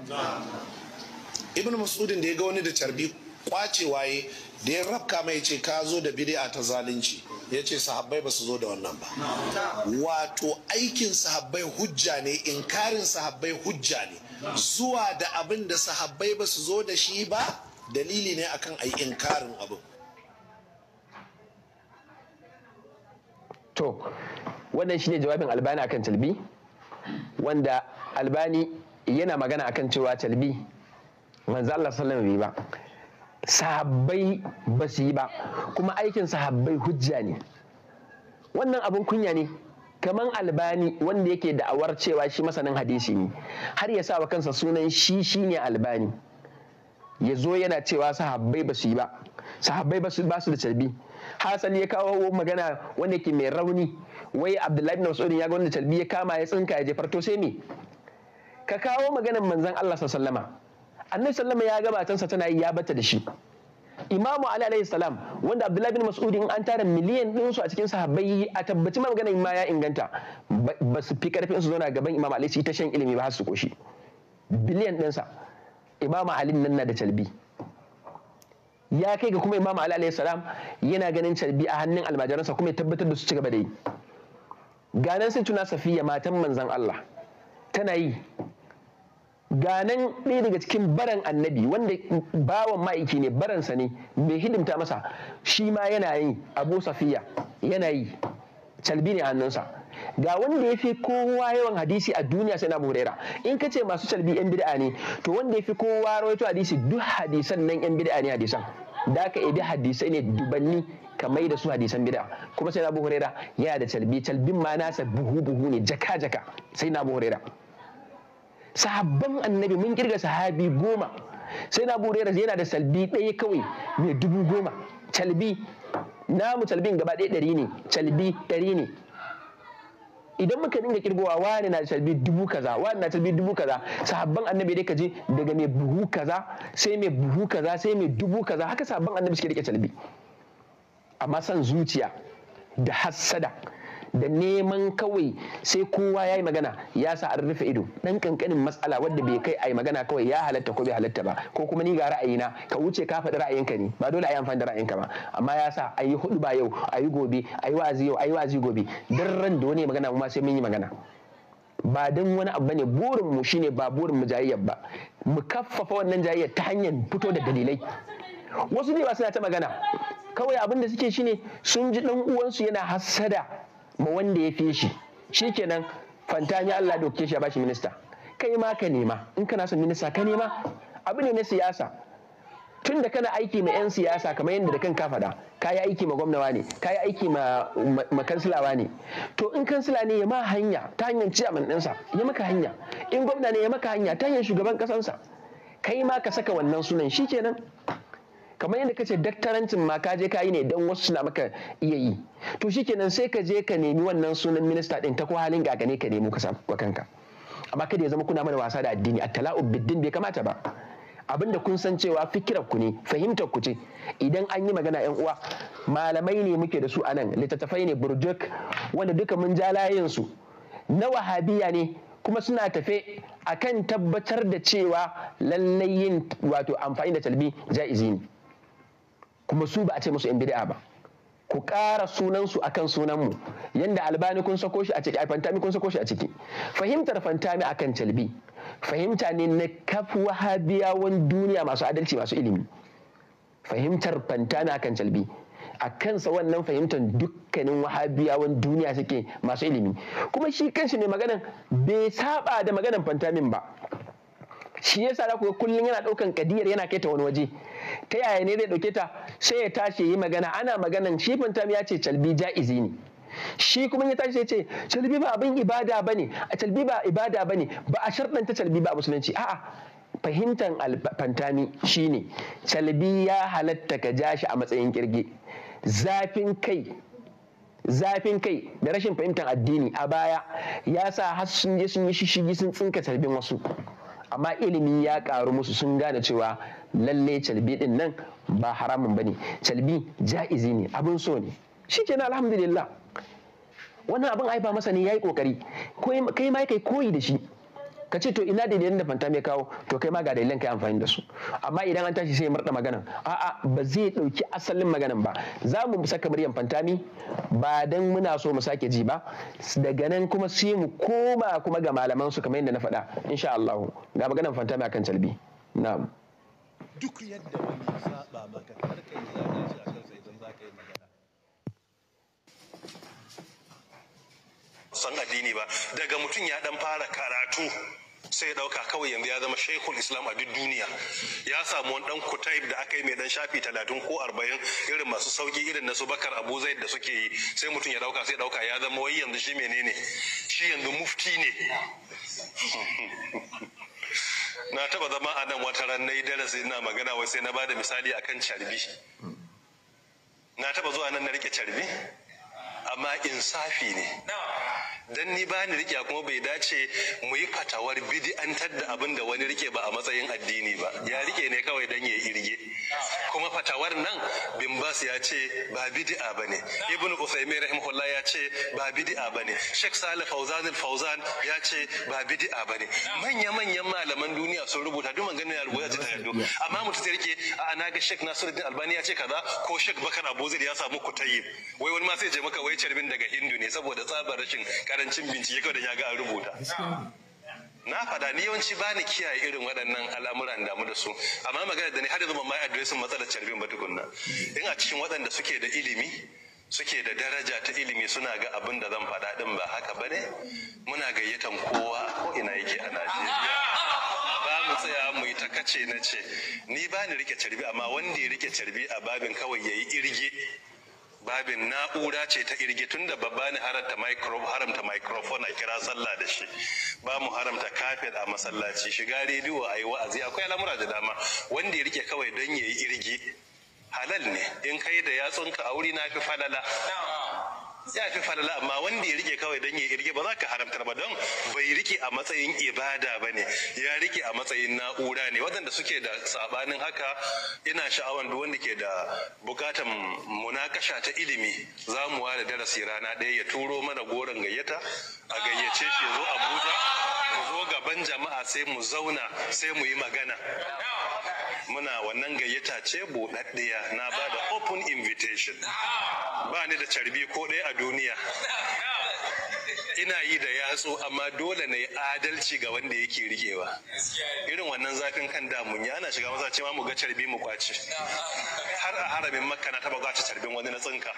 S1: ibn mas'udin da ya ga wani da carbi kwacewa ya da ya rafka mai ce ka zo da bid'a ta zalunci ya ce sahabbai ba su zo da wannan ba wato aikin sahabbai hujja ne inkarin sahabbai hujja ne zuwa da abin da sahabbai ba su zo da shi ba dalili ne akan ai inkarin abin
S2: to wannan shine jawabin albani akan talbi wanda albani yana magana akan cewa talbi manzo Allah sallallahu alaihi wasallam ba sahabbai ba su yi ba kuma aikin sahabbai hujja ne wannan abin kunya ne kaman albani wanda yake da'awar cewa shi masanin hadisi ne har ya sa wa kansa sunan shi shi ne albani ya zo yana cewa sahabbai ba su yi ba sahabbai ba su da calbi hasali ya kawo magana wanda yake mai rauni wai abdullahi bin mas'udin ya ga wanda calbi ya kama ya tsinka ya jefar to sai me ka kawo maganar manzon Allah sallama annabi sallama ya ga matansa tana yi ya bata da shi imamu ali alayhi salam wanda abdullahi bin mas'ud in an tara miliyan din su a cikin sahabbai a tabbaci magana maganar ma ya inganta ba su fi karfin su zauna gaban imam ali su ta shan ilimi ba su koshi biliyan din sa imamu ali nan na da calbi ya kai ga kuma imamu ali alayhi salam yana ganin calbi a hannun almajiransa kuma ya tabbatar da su ci gaba da yi Ganin sai tuna safiya matan manzon Allah tana yi ganan ɗaya daga cikin baran annabi wanda bawan ma'aiki ne baransa ne mai hidimta masa shi ma yana yi abu safiya yana yi calbi ne hannunsa ga wanda ya fi kowa yawan hadisi a duniya sai na abu in ka ce masu calbi yan bid'a ne to wanda ya fi kowa rawaito hadisi duk hadisan nan yan bid'a ne hadisan da ka ibi hadisai ne dubanni ka mai da su hadisan bid'a kuma sai na abu yana da calbi calbin ma nasa buhu buhu ne jaka jaka sai na abu huraira sahabban annabi mun kirga sahabi goma sai na burera yana da salbi ɗaya kawai mai dubu goma calbi namu calbin gaba ɗaya ɗari ne calbi ɗari ne idan muka dinga kirgowa wani na calbi dubu kaza wani na calbi dubu kaza sahabban annabi dai kaje daga mai buhu kaza sai mai buhu kaza sai mai dubu kaza haka sahabban annabi suke rike calbi amma san zuciya da hassada da neman kawai sai kowa ya yi magana ya sa an rufe ido dan kankanin matsala wadda bai kai a yi magana kawai ya halatta ko bai halatta ba ko kuma ni ga ra'ayi na ka wuce ka faɗi ra'ayinka ne ba dole a yi amfani da ra'ayinka ba amma ya sa a yi hudu ba yau a yi gobe a yi wa'azi yau a yi wa'azi gobe dan ran da wani magana kuma sai mun yi magana ba dan wani abu bane burin mu shine ba burin mu jayayyar ba mu kaffafa wannan jayayyar ta hanyar fito da dalilai wasu ne ba suna ta magana kawai abin da suke shine sun ji dan uwansu yana hassada ma wanda ya fi shi shikenan ni Allah dauke shi ya bashi minista kai ma ka nema in kana son minista ka nema abu ne na siyasa tun da kana aiki ma 'yan siyasa kamar yadda da kan ka faɗa ka yi aiki ma gwamnawa ne ka yi aiki ma, kansilawa ne to in kansila ne ya ma hanya ta hanyar ciyaman ɗinsa ya maka hanya in gwamna ne ya maka hanya ta hanyar shugaban ƙasansa kai ma ka saka wannan sunan shikenan kamar yadda kace daktarancin ma ka je ka yi ne dan wasu suna maka iya yi to shikenan sai ka je ka nemi wannan sunan minista din ta ko halin gagane ka nemo ka samu kanka amma kada ya zama kuna mana wasa da addini a tala'u biddin bai kamata ba abinda kun san cewa fikirar ku ne fahimtar ku ce idan an yi magana yan uwa malamai ne muke da su anan littattafai ne burjuk wanda duka mun ja layin su na wahabiya ne kuma suna tafe akan tabbatar da cewa lallai yin wato amfani da talbi ja'izi ne kuma su ba a ce musu yan bid'a ba ku ƙara sunansu akan kan sunanmu yadda albani kun sako shi a ciki a fantami kun sako shi a ciki fahimtar fantami akan calbi fahimta ne na kafi wahabiyawan duniya masu adalci masu ilimi fahimtar fantami akan calbi a kansa wannan fahimtar dukkanin wahabiyawan duniya suke masu ilimi kuma shi kanshi ne maganan bai saba da maganan fantamin ba shi ya sa ku kullum yana ɗaukan kadiyar yana kai ta wani waje ta yaya ne zai ɗauke ta sai ya tashi yi magana ana maganan shi fantam ya ce calbi ja'izi ne shi kuma ya tashi ya ce calbi ba abin ibada ba ne, a calbi ba ibada ba ne, ba a sharɗanta calbi ba a musulunci a'a fahimtan alfantami ne. calbi ya halatta ka ja shi a matsayin kirge zafin kai zafin kai da rashin fahimtar addini a baya ya sa har sun je sun yi shishigi sun tsinka calbin wasu amma ilimi ya karu musu sun gane cewa lalle calbi din nan ba haramun ba ne calbi ja'izi ne abin so ne shi na alhamdulillah wannan abin ai ba masa ne yayi kokari kai ma kai koyi da shi ka ce to ina daidaitun da fanta mai kawo to kai ma ga dalilan kai amfani da su amma idan an tashi sai murda maganan a'a ba zai dauki asalin maganan ba za mu saka muryan fantami ba dan muna so mu sake ji ba daga nan kuma sai mu koma kuma ga malaman su kamar yadda na faɗa insha Allah ga maganan fantami akan calbi na'am duk yadda wani
S1: saba maka har kai zagin a akan sai idan ka yi magana san addini ba daga mutum ya dan fara karatu sai ya dauka kawai yanzu ya zama shaikhul islam a duk duniya ya samu wani dan kutaib da aka yi mai dan shafi talatin ko arba'in irin masu sauki irin na su bakar abu zaid da suke yi sai mutum ya dauka sai dauka ya zama wai yanzu shi menene shi yanzu mufti ne <laughs> na taba zama a nan wata ran na yi darasi ina magana wai sai na bada misali akan carbi na taba zuwa nan na rike carbi amma insafi ne dan ni ba ni rike kuma bai dace mu yi fatawar bid'antar da abin da wani rike ba a matsayin addini ba ya rike ne kawai dan ya irge kuma fatawar nan bin bas ya ce ba bid'a bane ibnu Rahim rahimahullah ya ce ba bid'a bane sheikh salih fauzan fauzan ya ce ba bid'a bane manya manyan malaman duniya sun rubuta duk maganar ya rubuta ta yaddo amma mu sai rike a na ga sheikh nasiruddin albani ya ce kaza ko sheikh bakar abuzir ya samu kutayi wai wani ma sai je maka wai akwai carbin daga hindu ne saboda tsabar rashin karancin bincike kawai da ya ga
S3: rubuta
S1: na faɗa ni yawanci ba ni kiyaye irin waɗannan al'amuran mu da su amma magana da ni har yanzu ban ma adiresin matsalar cirbin ba tukunna in a cikin waɗanda suke da ilimi suke da daraja ta ilimi suna ga abin da zan faɗa din ba haka ba ne muna gayyatan kowa ko ina yake a najeriya ba mu tsaya mu yi takace na ce ni ba ni rike carbi amma wanda ya rike carbi a babin kawai ya yi irge babin na'ura ce ta irge tun da babba ne haramta microphone haramta microphone a kira sallah da shi ba mu haramta kafet a masallaci shiga rediyo a yi wa'azi akwai al'amura da dama wanda ya rike kawai don ya yi irge halal ne in kai da yatsunka a wuri na fi falala ya fi falala amma wanda ya rike kawai don ya rike ba za ka haramtar ba don bai rike a matsayin ibada ba ne ya rike a matsayin na'ura ne waɗanda suke da sabanin haka ina sha'awar duk wanda ke da bukatan munakasha ta ilimi za mu ware darasi rana ɗaya ya turo mana goron gayyata a gayyace shi zo abuja mu zo gaban jama'a sai mu zauna sai mu yi magana muna wannan gayyata ce buɗaɗɗiya na ba da open invitation ba ni da carbi ko ɗaya a duniya ina yi da yatsu amma dole na yi adalci ga wanda yake rikewa irin wannan zafin kan damun ya ana shiga masa cewa mu ga carbi mu kwace har a haramin makka na taba kwace carbin wani na tsinka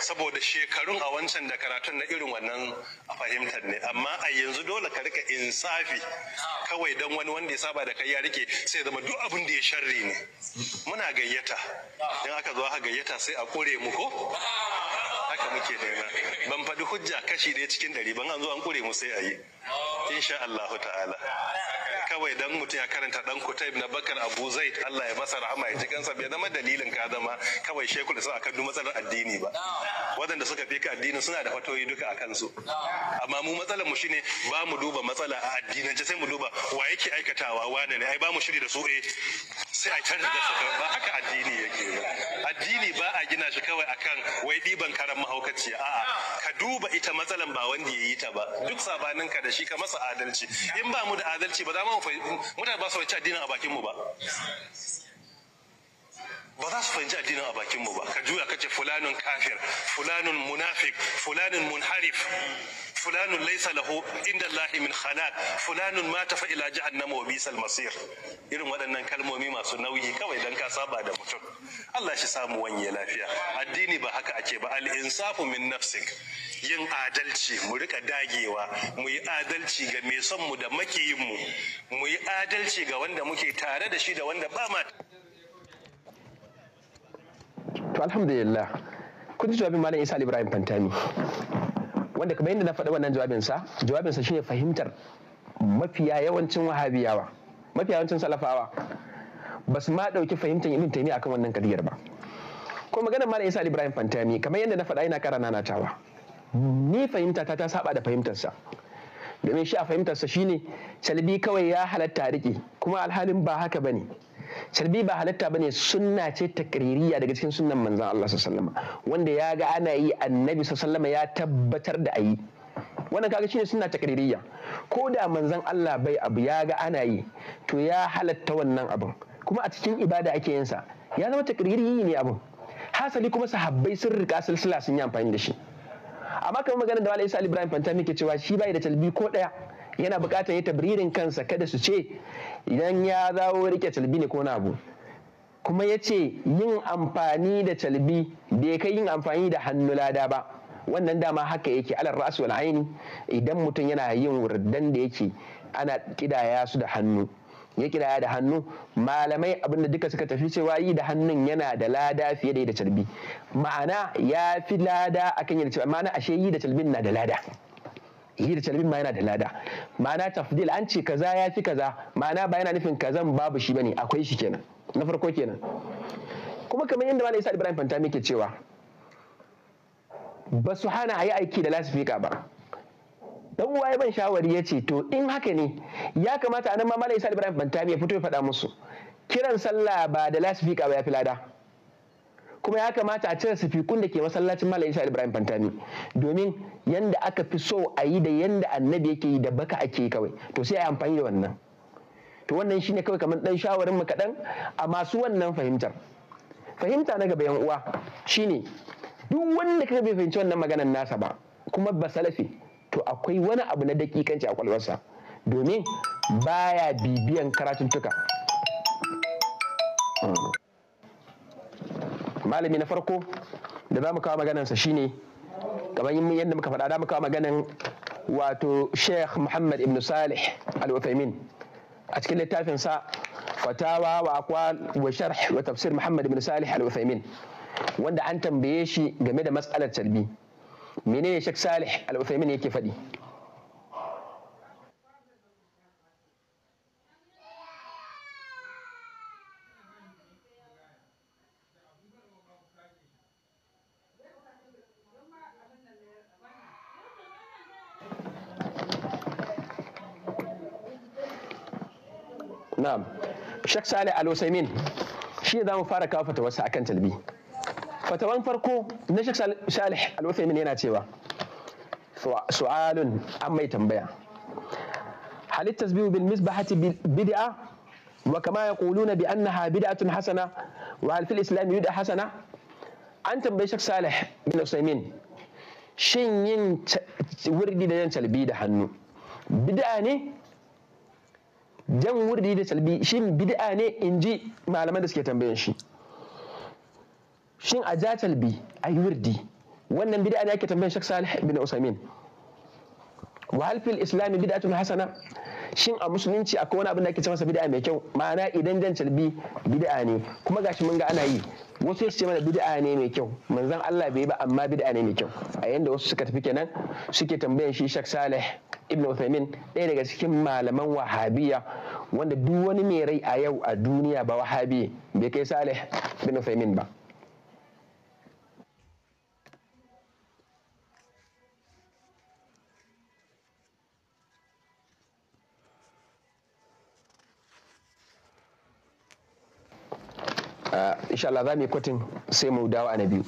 S1: saboda shekarun a wancan da karatun na irin wannan a fahimtar ne amma a yanzu dole ka rika insafi kawai dan wani wanda ya saba da kai ya rike sai zama duk abin da ya sharri ne muna gayyata Idan aka zo aka gayyata sai a kore mu ko muke daina? ban faɗi hujja kashi ɗaya cikin ɗari ban an zo an ƙure mu sai a yi insha Allah ta'ala kawai dan mutum ya karanta dan kutai na bakar abu zai Allah ya masa rahama ya ji kansa bai zama dalilin ka zama kawai shekul da suka kaddu matsalar addini ba Wadanda suka fi ka addini suna da fatoyi duka a kansu. amma mu matsalar mu shine ba mu duba matsala a addinance sai mu duba wa yake aikatawa wane ne ai ba mu shiri da su eh sai a canza da ba haka addini yake ba addini ba a gina shi kawai akan wai ɗiban karan mahaukaci a'a ka duba ita matsalan ba wanda ya yi ta ba duk sabanin ka da shi ka masa adalci in ba mu da adalci ba za mu mutane ba su wace addinin a bakin mu ba ba za su fahimci addinin a bakin mu ba ka juya ka ce fulanun kafir fulanun munafik fulanun munharif fulanun laisa lahu inda lahi min khalaq fulanun ma tafa ila jahannama wa bisal masir irin waɗannan kalmomi masu nauyi kawai dan ka saba da mutum Allah shi samu wanye lafiya addini ba haka ake ba al insafu min nafsik yin adalci mu rika dagewa mu yi adalci ga mai son mu da makiyin mu mu yi adalci ga wanda muke tare da shi da wanda ba ma
S2: to alhamdulillah kun ji jawabin malam isa ibrahim fantami wanda kamar yadda na faɗi wannan jawabinsa jawabinsa shine fahimtar mafiya yawancin wahabiyawa mafiya yawancin salafawa ba su ma ɗauki fahimtar ibn taymiya akan wannan kadiyar ba ko maganar malam isa ibrahim fantami kamar yadda na faɗa ina kara nanatawa ni fahimta ta ta saba da fahimtarsa domin shi a fahimtarsa shine calibi kawai ya halatta riƙe kuma alhalin ba haka bane sharbi ba halitta bane sunna ce takririya daga cikin sunnan manzon Allah sallallahu alaihi wanda ya ga ana yi annabi sallallahu ya tabbatar da ayi wannan kaga shine sunna takririya ko da manzon Allah bai abu ya ga ana yi to ya halatta wannan abun. kuma a cikin ibada ake yin sa ya zama takririyi ne abin hasali kuma sahabbai sun rika silsila sun yi amfani da shi amma kamar maganar da Malam Isa Ibrahim Fantami ke cewa shi bai da talbi ko daya yana bukatar ya tabririn kansa kada su ce idan ya zawo rike calbi ne ko na abu kuma ya ce yin amfani da calbi bai kai yin amfani da hannu lada ba wannan dama haka yake alar rasu wal aini idan mutum yana yin wurdan da yake ana kidaya su da hannu ya kidaya da hannu malamai abinda duka suka tafi cewa yi da hannun yana da lada fiye da yi da calbi ma'ana ya fi lada akan yi da calbi ma'ana ashe yi da calbin na da lada hira calbin ma yana da lada ma'ana tafdil an ce kaza ya fi kaza ma'ana ba yana nufin kazan babu shi bane akwai shi kenan na farko kenan kuma kamar yadda malam isa ibrahim fanta muke cewa ba su hana a yi aiki da lasifika ba dan uwa ya ban shawari ya ce to in haka ne ya kamata anan ma malam isa ibrahim fanta ya fito ya faɗa musu kiran sallah ba da lasifika ba ya fi lada kuma ya kamata a cire sifikun da ke masallacin malam isa ibrahim fantami domin yanda aka fi so a yi da yanda annabi yake yi da baka ake yi kawai to sai a yi amfani da wannan to wannan shine kawai kamar dan shawarin mu kaɗan a masu wannan fahimtar fahimta na gaba yan uwa shine duk wanda kaga bai fahimci wannan maganar nasa ba kuma ba salafi to akwai wani abu na dakikanci a kwalwarsa domin baya bibiyan karatun tuka. malami na farko da za mu kawo maganansa shine kamar yadda muka faɗa da mu kawo maganan wato sheikh muhammad ibn salih al-uthaymin a cikin littafin sa fatawa wa aqwal wa sharh wa tafsir muhammad ibn salih al-uthaymin wanda an tambaye shi game da matsalar talbi menene sheikh salih al-uthaymin yake faɗi na'am shek sale al-usaimin shi za mu fara kawo fatawarsa akan talbi fatawan farko na shek salih al-usaimin yana cewa su'alun an mai tambaya halit tasbihu bil misbahati bid'a wa kama yaquluna bi annaha bid'atun hasana wa hal fil islam yud'a hasana an tambayi shek salih bin usaimin shin yin wurdi da yin talbi da hannu bid'a ne jan wurdi da salbi shin bid'a ne in ji malaman da suke tambayan shi shin a ja talbi a yi wurdi wannan bid'a ne ake tambayan shaksa salih bin usamin wa hal islami islam bid'atun hasana shin a musulunci akwai wani abin da ake cewa bid'a mai kyau ma'ana idan jan talbi bid'a ne kuma gashi mun ga ana yi wasu su ce mana bid'a ne mai kyau manzon Allah bai ba amma bid'a ne mai kyau a yanda wasu suka tafi kenan suke tambayan shi shek salih ibn Uthaymin ɗaya daga cikin malaman wahabiya wanda duk wani mai rai a yau a duniya ba wahabi bai kai salih ibn Uthaymin ba ah, insha Allah za mu yi kwatin sai mu dawo a na biyu.